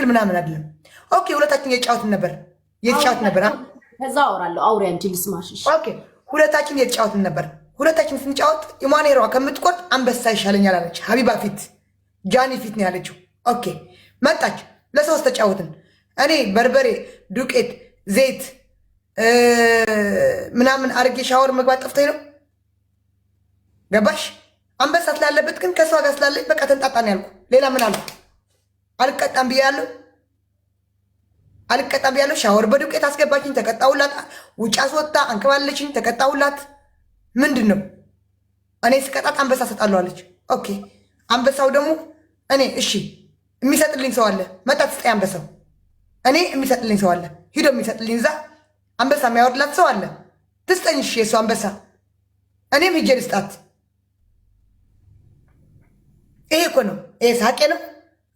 ትክክል ምናምን አይደለም። ኦኬ ሁለታችን የተጫወትን ነበር የተጫወትን ነበር። ከዛ አወራለሁ አውሪ አንቺ ልስማሽ። ኦኬ ሁለታችን የተጫወትን ነበር። ሁለታችን ስንጫወት ኢማኔሯ ከምትቆርጥ አንበሳ ይሻለኛል አለች። ሀቢባ ፊት ጃኒ ፊት ነው ያለችው። ኦኬ መጣች፣ ለሶስት ተጫወትን። እኔ በርበሬ፣ ዱቄት፣ ዘይት ምናምን አርጌ ሻወር መግባት ጠፍቶኝ ነው። ገባሽ? አንበሳ ስላለበት ግን ከእሷ ጋር ስላለች በቃ ተንጣጣን ያልኩ ሌላ ምን አልኩ? አልቀጣም ብያለሁ፣ አልቀጣም ብያለሁ። ሻወር በዱቄት አስገባችኝ፣ ተቀጣሁላት። ውጭ አስወጣ አንከባለችኝ፣ ተቀጣሁላት። ምንድን ነው እኔ ስቀጣት አንበሳ ሰጣለሁ አለች። ኦኬ አንበሳው ደግሞ እኔ እሺ የሚሰጥልኝ ሰው አለ፣ መጣት ስጠኝ አንበሳው እኔ የሚሰጥልኝ ሰው አለ፣ ሂዶ የሚሰጥልኝ እዛ አንበሳ የሚያወርድላት ሰው አለ። ትስጠኝ እሺ የእሱ አንበሳ እኔም ሂጄ ልስጣት። ይሄ እኮ ነው። ይሄ ሳቄ ነው።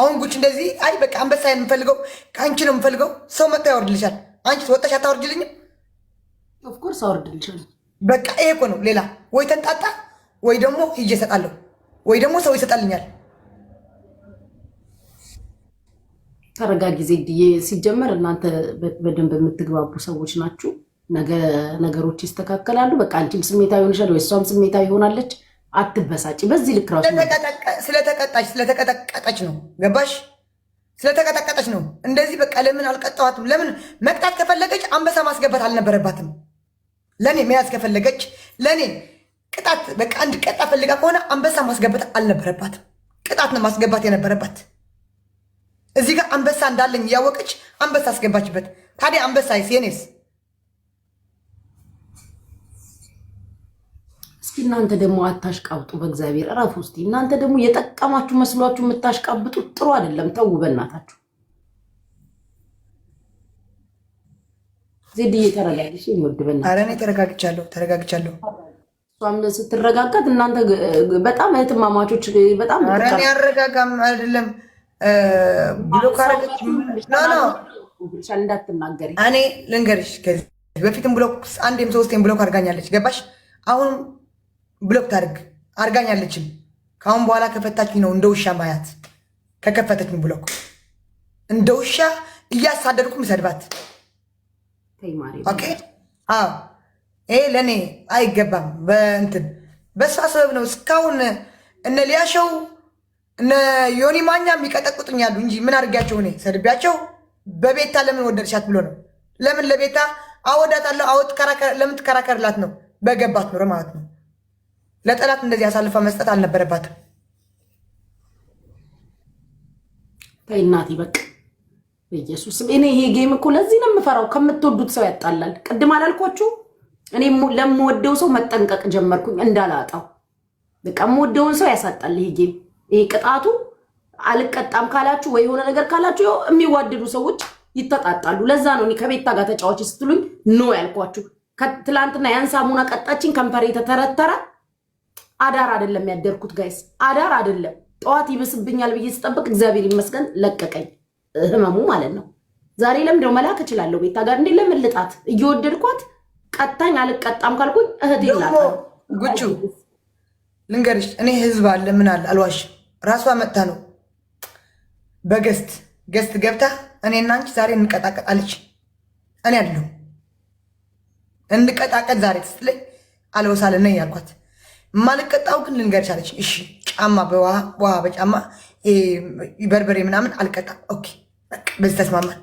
አሁን ጉች እንደዚህ አይ በቃ አንበሳ የምፈልገው ከአንቺ ነው የምፈልገው። ሰው መጣ ያወርድልሻል። አንቺ ወጣሽ አታወርድልኝም? ኦፍኮርስ አወርድልሻል። በቃ ይሄ እኮ ነው። ሌላ ወይ ተንጣጣ ወይ ደግሞ ሂጅ እሰጣለሁ ወይ ደግሞ ሰው ይሰጣልኛል። ጊዜ ዜድዬ። ሲጀመር እናንተ በደንብ የምትግባቡ ሰዎች ናችሁ። ነገሮች ይስተካከላሉ። በቃ አንቺም ስሜታዊ ይሆንሻል ወይ እሷም ስሜታዊ ይሆናለች። አትበሳጭ። በዚህ ልክ ራሱ ስለተቀጣች ስለተቀጠቀጠች ነው ገባሽ? ስለተቀጠቀጠች ነው እንደዚህ። በቃ ለምን አልቀጠዋትም? ለምን መቅጣት ከፈለገች አንበሳ ማስገባት አልነበረባትም። ለእኔ መያዝ ከፈለገች ለእኔ ቅጣት በቃ እንድቀጣ ፈልጋ ከሆነ አንበሳ ማስገባት አልነበረባትም። ቅጣት ነው ማስገባት የነበረባት። እዚህ ጋር አንበሳ እንዳለኝ እያወቀች አንበሳ አስገባችበት። ታዲያ አንበሳ የኔስ እናንተ ደግሞ አታሽቃብጡ፣ በእግዚአብሔር እረፍ ውስጥ እናንተ ደግሞ የጠቀማችሁ መስሏችሁ የምታሽቃብጡ ጥሩ አይደለም። ተው በእናታችሁ። ዜድዬ ተረጋግሽ ወድ በና። ኧረ እኔ ተረጋግቻለሁ፣ ተረጋግቻለሁ። እሷም ስትረጋጋት እናንተ በጣም እህትማማቾች በጣም ያረጋጋም አይደለም ብሎ ካረገች እንዳትናገሪ። እኔ ልንገርሽ፣ ከዚህ በፊትም ብሎ አንዴም ሶስቴም ብሎክ አድርጋኛለች። ገባሽ አሁን ብሎክ ታርግ አርጋኛለችም። ከአሁን በኋላ ከፈታችኝ ነው እንደ ውሻ ማያት። ከከፈተችኝ ብሎክ እንደ ውሻ እያሳደድኩም ሰድባት። ይሄ ለእኔ አይገባም። በእንትን በእሷ ሰበብ ነው እስካሁን እነ ሊያሸው እነ ዮኒ ማኛ የሚቀጠቅጡኛሉ እንጂ ምን አድርጊያቸው እኔ ሰድቢያቸው። በቤታ ለምን ወደድሻት ብሎ ነው። ለምን ለቤታ አወዳታለሁ አወት ለምን ትከራከርላት ነው። በገባት ኖረ ማለት ነው ለጠላት እንደዚህ አሳልፋ መስጠት አልነበረባትም። ተይ እናቴ በቃ በኢየሱስ እኔ ይሄ ጌም እኮ ለዚህ ነው የምፈራው። ከምትወዱት ሰው ያጣላል። ቅድም አላልኳችሁ? እኔ ለምወደው ሰው መጠንቀቅ ጀመርኩኝ እንዳላጣው። በቃ የምወደውን ሰው ያሳጣል ይሄ ጌም። ይሄ ቅጣቱ አልቀጣም ካላችሁ ወይ የሆነ ነገር ካላችሁ የሚዋደዱ ሰዎች ይተጣጣሉ። ለዛ ነው እኔ ከቤታ ጋር ተጫዋች ስትሉኝ ኖ ያልኳችሁ። ትላንትና ያን ሳሙና ቀጣችን ከንፈሬ ተተረተረ። አዳር አይደለም ያደርኩት ጋይስ፣ አዳር አይደለም። ጠዋት ይብስብኛል ብዬ ስጠብቅ እግዚአብሔር ይመስገን ለቀቀኝ ህመሙ ማለት ነው። ዛሬ ለምደው መላክ እችላለሁ ቤታ ጋር እንዴ ለምልጣት እየወደድኳት ቀጣኝ አልቀጣም ካልኩኝ እህት ይላል ጉቹ ልንገርሽ፣ እኔ ህዝብ አለ ምን አለ አልዋሽ ራሷ መጥታ ነው በገስት ገስት ገብታ እኔ እና አንቺ ዛሬ እንቀጣቀጣለች። እኔ አለሁ እንቀጣቀጥ ዛሬ ትስትለኝ አልወሳለ ነ ያልኳት ማልቀጣው ግን ልንገርሽ አለች። እሺ ጫማ በውሃ በጫማ በርበሬ ምናምን አልቀጣም። ኦኬ በዚህ ተስማማን።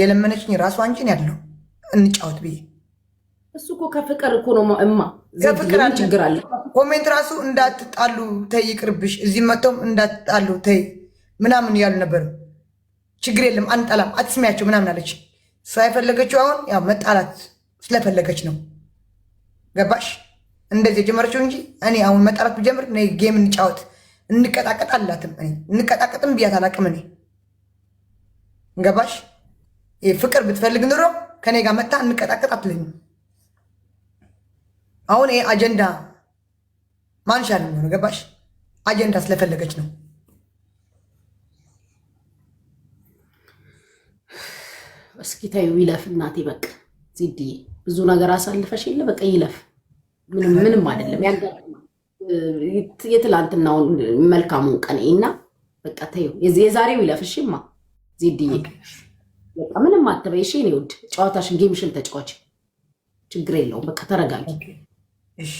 የለመነችኝ ራሷ አንቺን ያለው እንጫወት ብዬ እሱ እኮ ከፍቅር እኮ ነው እማ ከፍቅር ችግር አለ። ኮሜንት ራሱ እንዳትጣሉ ተይ ይቅርብሽ፣ እዚህ መጥተውም እንዳትጣሉ ተይ ምናምን እያሉ ነበር። ችግር የለም አንጠላም፣ አትስሚያቸው ምናምን አለች። ሳይፈለገችው አሁን ያው መጣላት ስለፈለገች ነው። ገባሽ? እንደዚህ የጀመረችው እንጂ እኔ አሁን መጣላት ብጀምር ጌም እንጫወት እንቀጣቀጥ አላትም። እኔ እንቀጣቀጥም ብያት አላቅም። እኔ ገባሽ? ፍቅር ብትፈልግ ኑሮ ከኔ ጋር መታ እንቀጣቀጥ አትለኝም። አሁን ይሄ አጀንዳ ማንሻ ነው። ገባሽ? አጀንዳ ስለፈለገች ነው። እስኪ ተይው ይለፍ እናቴ። በቃ ዚድዬ ብዙ ነገር አሳልፈሽ የለ በቃ ይለፍ። ምንም አይደለም። የትላንትናውን መልካሙን ቀን እና በቃ ተይው፣ የዛሬው ይለፍ። እሺማ ዜድዬ በቃ ምንም አትበይ እሺ። እኔ ውድ ጨዋታሽን ጌምሽን ተጫዋች ችግር የለውም። በቃ ተረጋጊ እሺ።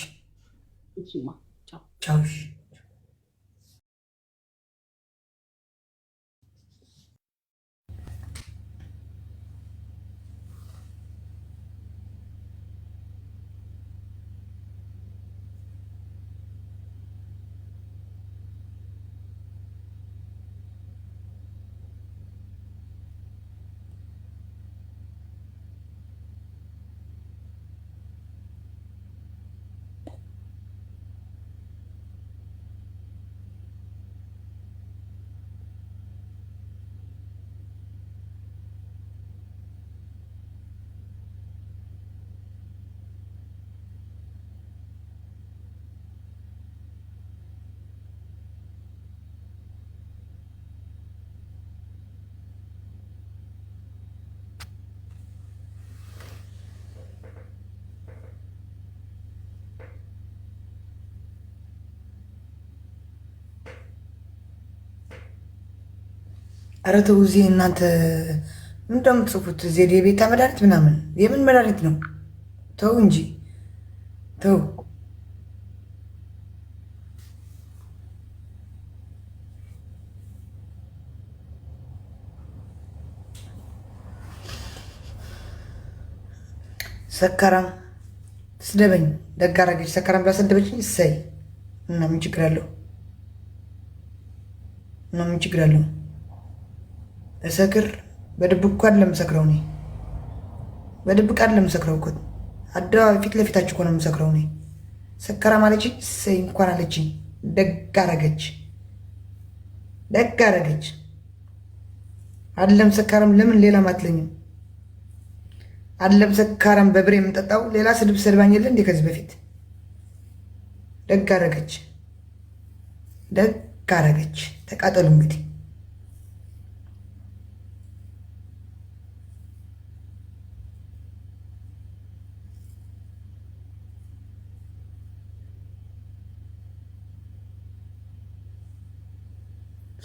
ኧረ ተው እዚህ እናንተ እንደምትጽፉት ዜድ የቤታ መድኃኒት ምናምን የምን መድኃኒት ነው? ተው እንጂ ተው። ሰካራም ስደበኝ ደግ አደረገች። ሰካራም ብላ ሰደበችኝ። እሰይ እና ምን ችግር አለው? እና ምን ችግር አለው? እሰክር በድብቅ እኮ አይደለም እሰክረው እኔ በድብቅ አይደለም እሰክረው እኮ አደባባይ ፊት ለፊታችሁ እኮ ነው የምሰክረው እኔ። ሰከራ ማለችኝ እሰይ እንኳን አለችኝ። ደግ አረገች፣ ደግ አረገች። አይደለም ሰካራም ለምን ሌላም አትለኝም? አይደለም ሰካራም በብሬ የምጠጣው ሌላ ስድብ ሰድባኝ የለ እንዴ ከዚህ በፊት። ደግ አረገች፣ ደግ አረገች። ተቃጠሉ እንግዲህ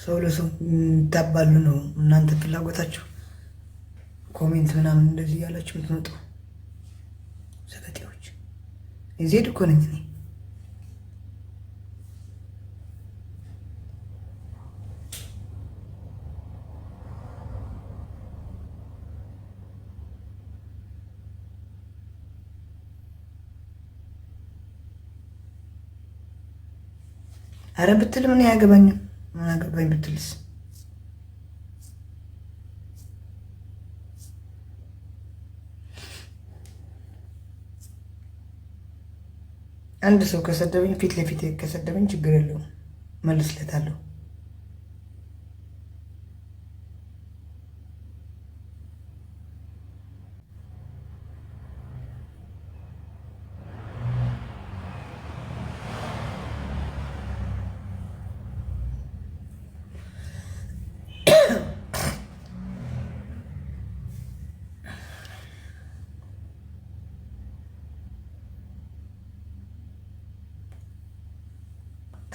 ሰው ለሰው እንዳባሉ ነው እናንተ ፍላጎታችሁ። ኮሜንት ምናምን እንደዚህ ያላችሁ የምትመጡ ሰገጤዎች ዜድ እኮ ነኝ እኔ። አረ ብትል ምን አያገባኝም። ምን አገባኝ ብትልስ? አንድ ሰው ከሰደበኝ ፊት ለፊት ከሰደበኝ ችግር የለውም፣ መልስለታለሁ።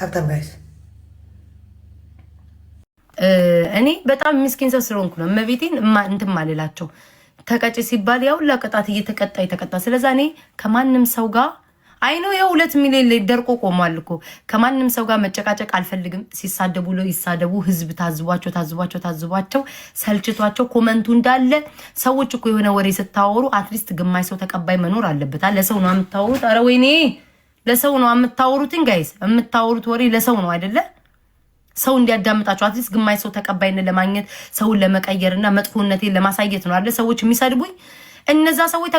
ታብታብ እኔ በጣም ምስኪን ሰው ስለሆንኩ ነው እመቤቴን እንትን ማልላቸው። ተቀጭ ሲባል ያው ለቅጣት እየተቀጣ የተቀጣ ስለዛ እኔ ከማንም ሰው ጋር አይኖ የሁለት ሁለት ሚሊዮን ደርቆ ቆሟል እኮ ከማንም ሰው ጋር መጨቃጨቅ አልፈልግም። ሲሳደቡ ሎ ይሳደቡ። ህዝብ ታዝቧቸው ታዝቧቸው ታዝቧቸው ሰልችቷቸው ኮመንቱ እንዳለ ሰዎች እኮ የሆነ ወሬ ስታወሩ አትሊስት ግማሽ ሰው ተቀባይ መኖር አለበታል። ለሰው ነው የምታወሩት። ኧረ ወይኔ ለሰው ነው የምታወሩትን ጋይስ፣ የምታወሩት ወሬ ለሰው ነው አይደለ? ሰው እንዲያዳምጣቸው አትሊስት ግማሽ ሰው ተቀባይነት ለማግኘት ሰውን ለመቀየርና መጥፎነቴን ለማሳየት ነው አለ ሰዎች የሚሰድቡኝ እነዛ ሰዎች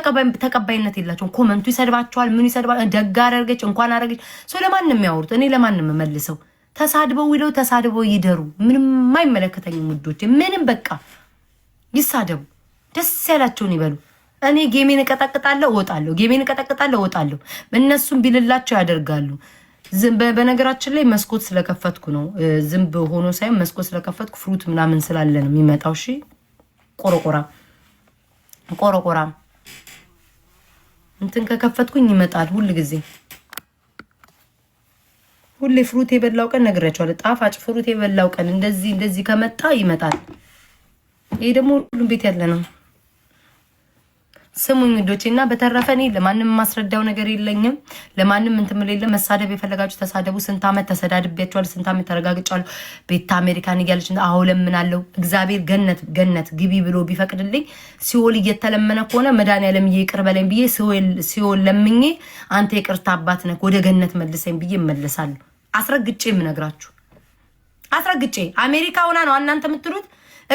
ተቀባይነት የላቸውም። ኮመንቱ ይሰድባቸዋል። ምን ይሰድባ ደጋ አደረገች እንኳን አደረገች ሰው ለማንም የሚያወሩት እኔ ለማንም የምመልሰው ተሳድበው ይለው ተሳድበው ይደሩ። ምንም አይመለከተኝም ውዶች፣ ምንም በቃ ይሳደቡ፣ ደስ ያላቸውን ይበሉ። እኔ ጌሜን እቀጠቅጣለሁ፣ እወጣለሁ፣ ጌሜን እቀጠቅጣለሁ፣ እወጣለሁ። እነሱም ቢልላቸው ያደርጋሉ። በነገራችን ላይ መስኮት ስለከፈትኩ ነው። ዝንብ ሆኖ ሳይሆን መስኮት ስለከፈትኩ ፍሩት ምናምን ስላለ ነው የሚመጣው። እሺ ቆረቆራ ቆረቆራ እንትን ከከፈትኩኝ ይመጣል ሁል ጊዜ ሁሌ ፍሩት የበላው ቀን ነግሬያቸዋለሁ። ጣፋጭ ፍሩት የበላው ቀን እንደዚህ እንደዚህ ከመጣ ይመጣል። ይሄ ደግሞ ሁሉም ቤት ያለ ነው። ስሙኝ ውዶቼ እና በተረፈ እኔ ለማንም የማስረዳው ነገር የለኝም። ለማንም እንትን ምን መሳደብ የፈለጋችሁ ተሳደቡ። ስንት ዓመት ተሰዳድቤያችኋል። ስንት ዓመት ተረጋግጫሉ። ቤታ አሜሪካን እያለች አሁ ለምናለው እግዚአብሔር ገነት ገነት ግቢ ብሎ ቢፈቅድልኝ ሲኦል እየተለመነ ከሆነ መድኃኒዓለም ይቅር በለኝ ብዬ ሲኦል ለምኜ አንተ የቅርታ አባት ነህ ወደ ገነት መልሰኝ ብዬ እመለሳለሁ። አስረግጬ የምነግራችሁ አስረግጬ አሜሪካ ሆና ነው እናንተ የምትሉት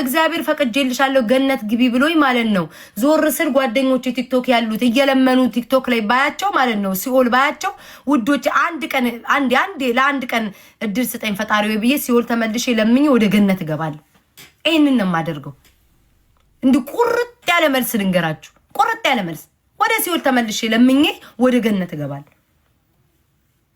እግዚአብሔር ፈቅጄልሻለሁ ገነት ግቢ ብሎኝ ማለት ነው። ዞር ስል ጓደኞች ቲክቶክ ያሉት እየለመኑ ቲክቶክ ላይ ባያቸው ማለት ነው ሲኦል ባያቸው ውዶች፣ አንድ ቀን አንድ አንድ ለአንድ ቀን እድል ስጠኝ ፈጣሪ ብዬ ሲኦል ተመልሼ ለምኜ ወደ ገነት እገባለሁ። ይህንን ነው የማደርገው። እንዲህ ቁርጥ ያለ መልስ ልንገራችሁ፣ ቁርጥ ያለ መልስ ወደ ሲኦል ተመልሼ ለምኜ ወደ ገነት እገባለሁ።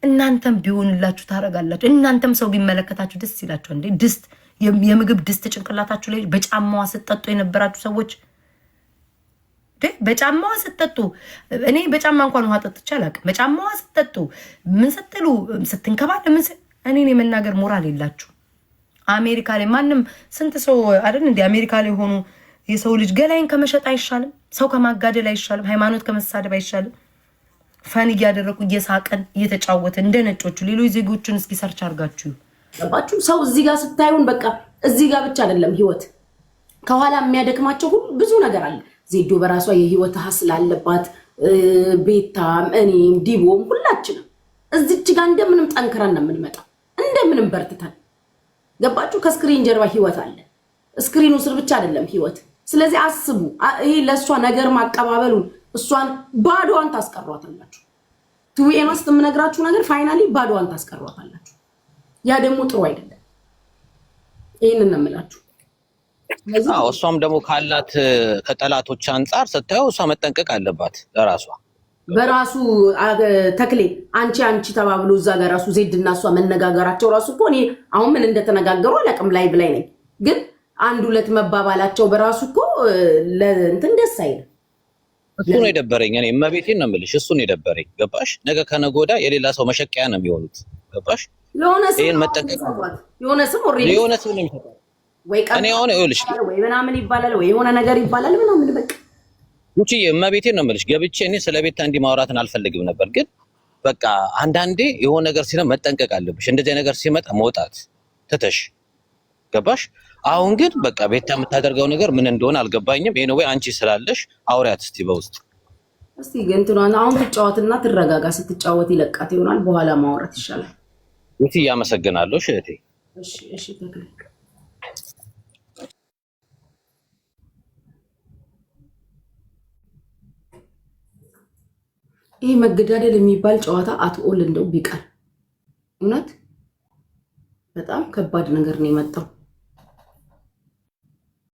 እናንተም ቢሆንላችሁ ታረጋላችሁ። እናንተም ሰው ቢመለከታችሁ ደስ ይላችሁ እንዴ ድስት የምግብ ድስት ጭንቅላታችሁ ላይ በጫማዋ ስትጠጡ የነበራችሁ ሰዎች በጫማዋ ስትጠጡ፣ እኔ በጫማ እንኳን ውሃ ጠጥቼ አላውቅም። በጫማዋ ስትጠጡ ምን ስትሉ ስትንከባለ ምን እኔን የመናገር ሞራል የላችሁ። አሜሪካ ላይ ማንም ስንት ሰው አይደል እንዲ አሜሪካ ላይ ሆኑ የሰው ልጅ ገላይን ከመሸጥ አይሻልም? ሰው ከማጋደል አይሻልም? ሃይማኖት ከመሳደብ አይሻልም? ፈን እያደረጉ እየሳቀን እየተጫወተ እንደ ነጮቹ ሌሎች ዜጎችን እስኪ ሰርች አድርጋችሁ ገባችሁ? ሰው እዚህ ጋር ስታዩን በቃ እዚህ ጋር ብቻ አይደለም ህይወት ከኋላ የሚያደክማቸው ሁሉ ብዙ ነገር አለ። ዜዶ በራሷ የህይወት ሀስል አለባት። ቤታም፣ እኔም፣ ዲቦም ሁላችንም እዚች ጋር እንደምንም ጠንክረን ነው የምንመጣው፣ እንደምንም በርትተን ገባችሁ? ከስክሪን ጀርባ ህይወት አለ። ስክሪኑ ስር ብቻ አይደለም ህይወት። ስለዚህ አስቡ። ይሄ ለእሷ ነገር ማቀባበሉን እሷን ባዶዋን ታስቀሯታላችሁ። ቱዌናስ የምነግራችሁ ነገር ፋይናሊ ባዶዋን ታስቀሯታላችሁ። ያ ደግሞ ጥሩ አይደለም። ይህን ነው እሷም ደግሞ ካላት ከጠላቶች አንጻር ስታየው እሷ መጠንቀቅ አለባት ለራሷ በራሱ ተክሌ አንቺ አንቺ ተባብሎ እዛ ጋር ራሱ ዜድ እና እሷ መነጋገራቸው ራሱ እኮ እኔ አሁን ምን እንደተነጋገሩ አላቅም። ላይ ብላይ ነኝ፣ ግን አንድ ሁለት መባባላቸው በራሱ እኮ ለእንትን ደስ አይልም። እሱን የደበረኝ እኔ እመቤቴን ነው የምልሽ፣ እሱን የደበረኝ ገባሽ? ነገ ከነገ ወዲያ የሌላ ሰው መሸቀያ ነው የሚሆኑት ገባሽ? የሆነ ስም የሆነ ስም ነው የሚሰጣት። ወይ ቀን ወይ ምናምን ይባላል፣ ወይ የሆነ ነገር ይባላል ምናምን በቃ ጉቺዬ እመቤቴን ነው የምልሽ። ገብቼ እኔ ስለ ቤታ እንዲህ ማውራትን አልፈልግም ነበር፣ ግን በቃ አንዳንዴ የሆነ ነገር ሲለ መጠንቀቅ አለብሽ። እንደዚህ ነገር ሲመጣ መውጣት ትተሽ ገባሽ። አሁን ግን በቃ ቤታ የምታደርገው ነገር ምን እንደሆነ አልገባኝም። ይሄ ነው ወይ አንቺ ስላለሽ አውሪያት እስቲ በውስጥ እስቲ። ግን እንትኗን አሁን ትጫወትና ትረጋጋ። ስትጫወት ይለቃት ይሆናል፣ በኋላ ማውራት ይሻላል። ቤቲ እያመሰግናለሁ። እህቴ ይህ መገዳደል የሚባል ጨዋታ አትኦል እንደው ቢቀር እውነት በጣም ከባድ ነገር ነው የመጣው።